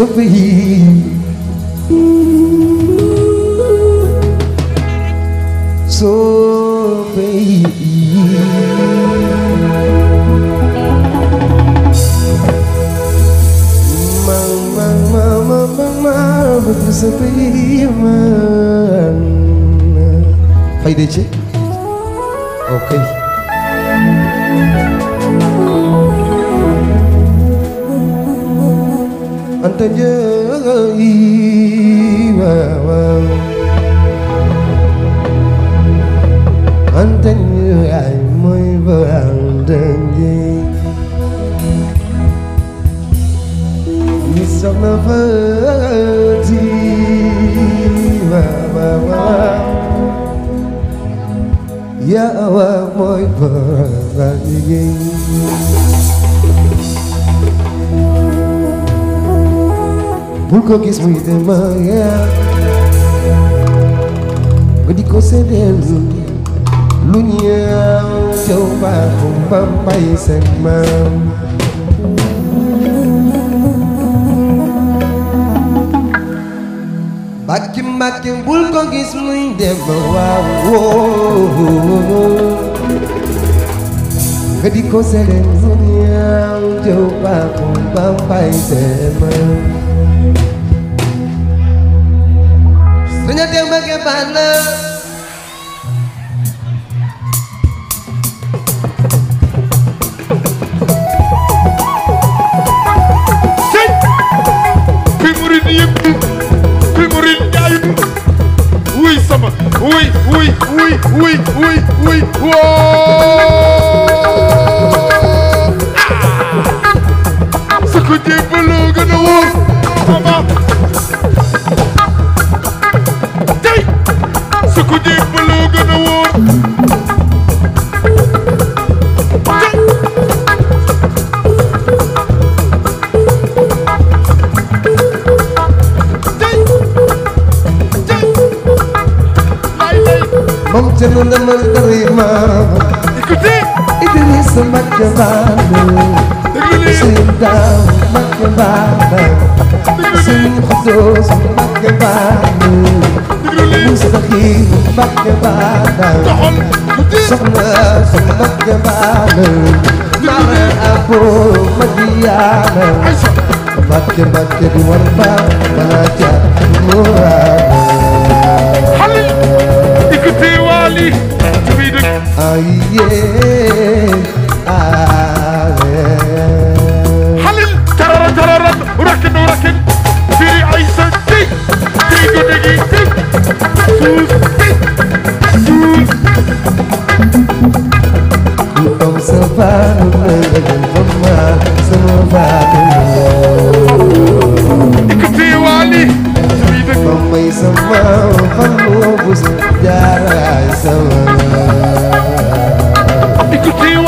over here. So, baby. Mama, mama, mama, Okay. tình nhớ y vào vào anh tình như ai mới vàng đơn gì như sông nó vỡ đi vào vào vào Yeah, I'm my brother again. bul ko gis muy demaya nga di ko seddeel lu ñaaw cëw baaxum ba mbay seen maam mbàkki mbàkki bul ko gis muy dem waaw woo nga di ko seddeel lu ñaaw cëw baaxum ba mbay seen maam Menyedang bagaimana Ui, ui, ui, ui, ui, ui, ui, ui, Mbàkke Bàmba Sëñ Daaw Mbàkke Bàmba Sëñ Xuddoos Mbàkke Bàmba Mustaxiim Mbàkke Bàmba Soxna Su Mbàkke Bàmba Mara Abo Madiyaana Mbàkke Mbàkke bi war ba mala ja muraana Ay yee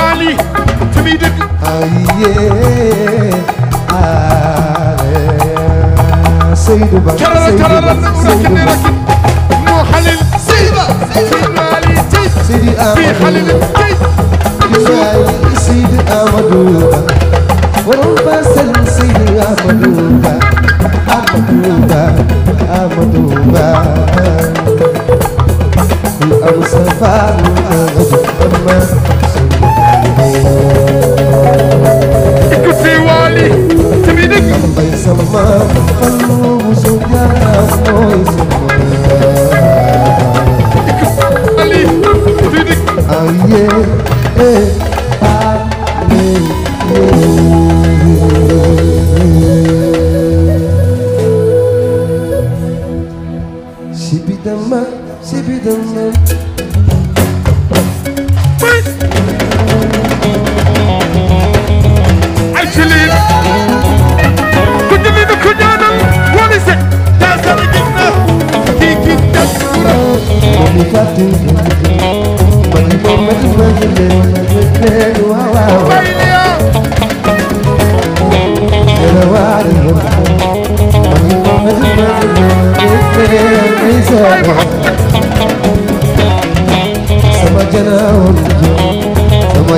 وعلي في ايدك سيدو بك كرر كرر لكن لكن مو حلل سيبا سيدنا علي سيدي في خلل سيدي أمدوبا وربا سل سيدي أمدوبا أمدوبا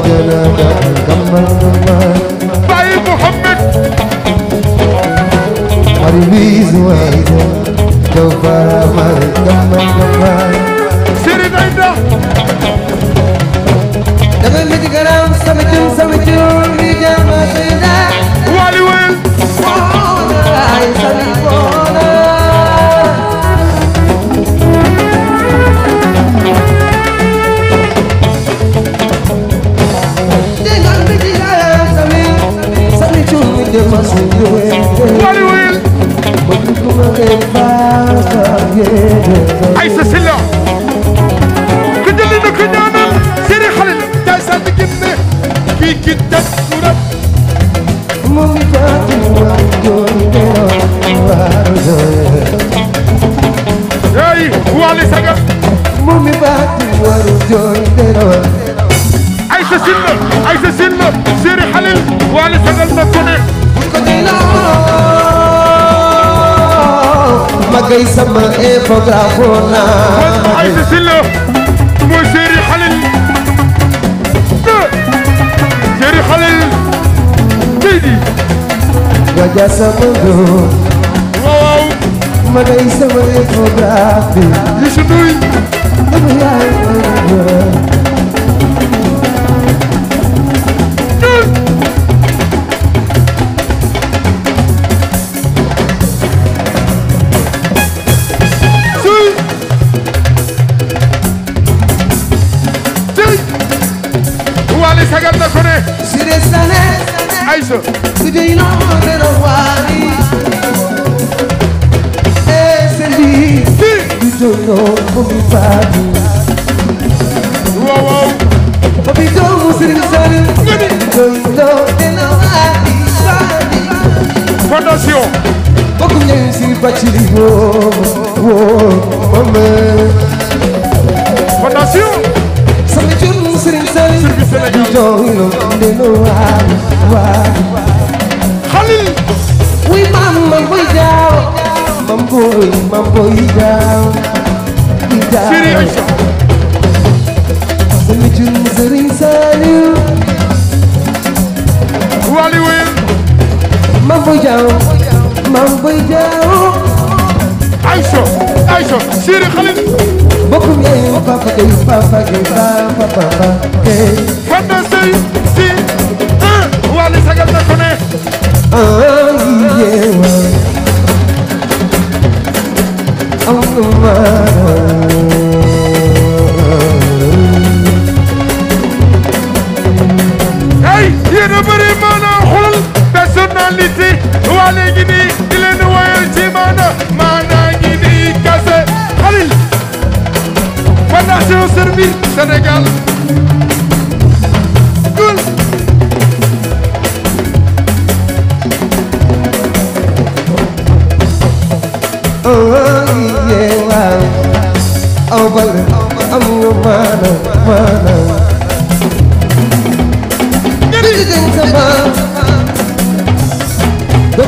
وجلد كما باي محمد حبيبي زوايده كفر مر كما كما سيرين عيدا دبل مجي غرام سمجون سمجون بيجا ما سيدا والي وين واي سمجون سلمة عايزة سلمة سيري حلل وعلى سجل مكونات مجاي سما ايه فوقنا عايزة سلمة وسيري حلل سيري حلل سيدي وجا سمدو ما مجاي سما ايه فوقنا ليش دوي Fadou waaw waaw ba bi doomu Serigne Saliou tontoo dena waati fondation bokk ñëw si bàcc li woo woo mame fondation sama jur Serigne Saliou bi jooylo dena waati waati Khalil wuy maam mam boy jaaw mam boy mam boy jaaw Serigne Aïcha sama jun Serigne Saliou wali wéy mam boy jaaw mam boy jaaw Aïcha Aïcha Serigne Khalil bokkum yéen papa gay papa gay papa papa gay yéen a bëri maanaam xool personnalité waale ngi nii di leen woyal ci maanaam maanaam ngi kase xalil fondation servir Sénégal Oh, yeah, wow. oh, well, oh,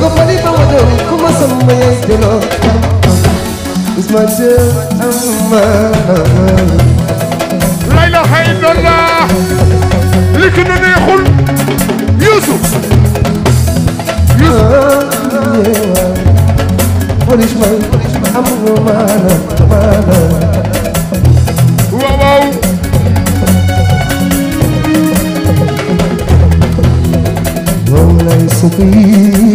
قبلي لا إله إلا الله لكنني يقول يوسف يوسف وليش ما أمر مانا مانا وليس فيه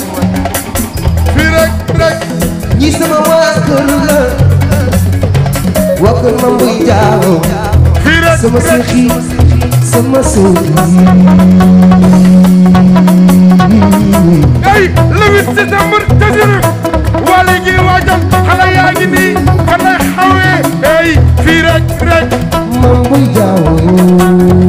ñi sama waa kër la waa kër mam buy jaaw sama seexi sama suuri ay le 8 septembre tasir wala gi waajam xale yaa ngi nii xale xawee ay fii rek rek mam buy jaaw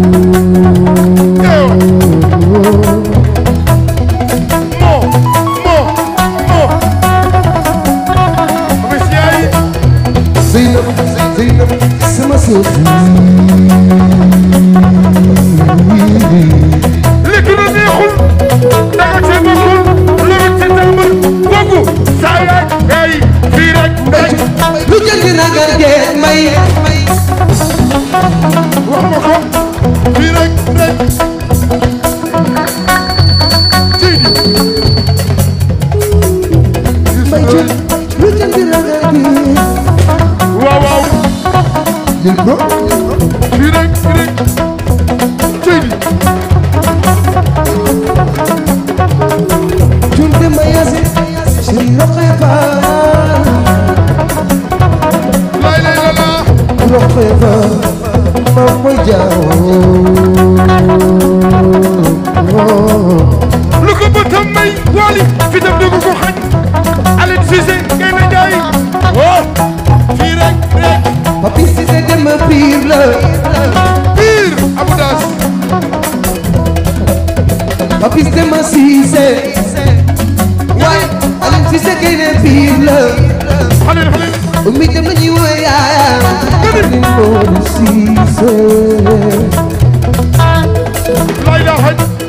aw xaj Aline Cissé ngay na jaay oh fii rek rek Papi Cissé dem pire la pire aboudas Papi dem Cissé waaye Aline Cissé ngay na pire la xale xale umi dem nañu woy yaaya ni mo Cissé lay da xaj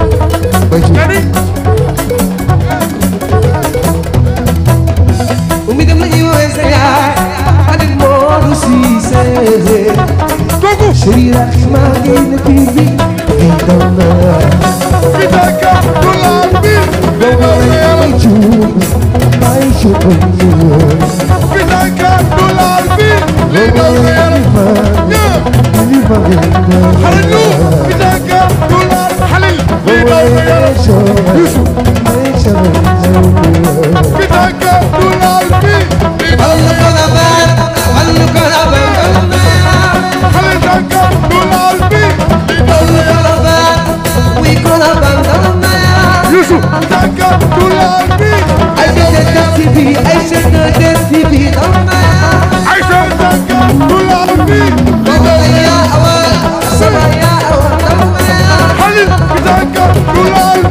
¡Cuidado!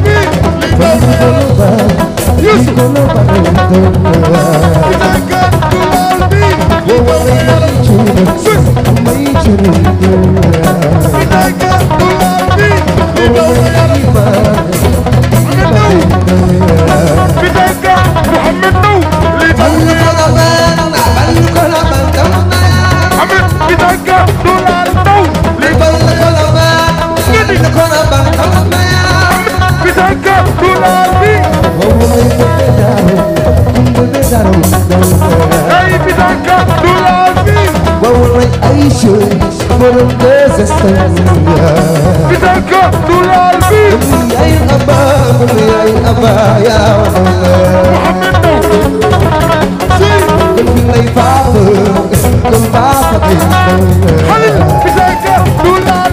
Paixões foram desestâncias Vida do Alves Mulher na barra, mulher na barra Mohamed Mulher na barra, mulher na barra Halil, bize gel, dur lan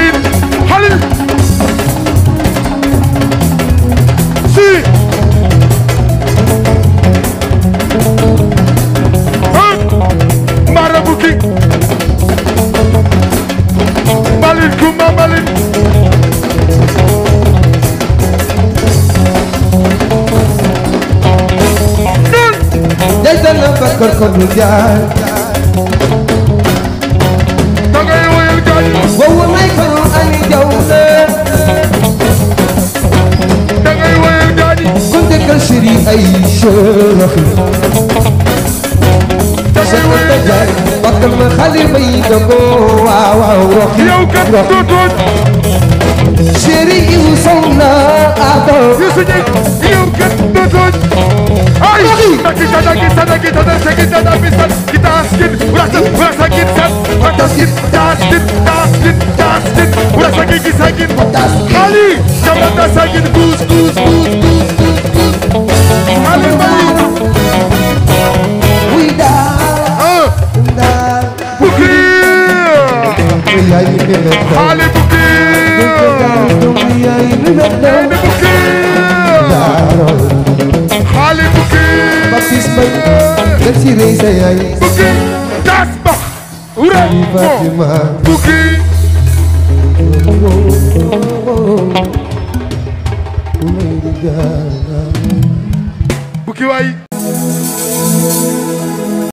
والرجال أي شرخ شنو التجاج بطل ما خلي بيدك واو شريكي وصلنا أعطى يا وكتوت Ay! Sakit ada silêncio aí é aí Buki, Caspa, Urembo, Buki Buki vai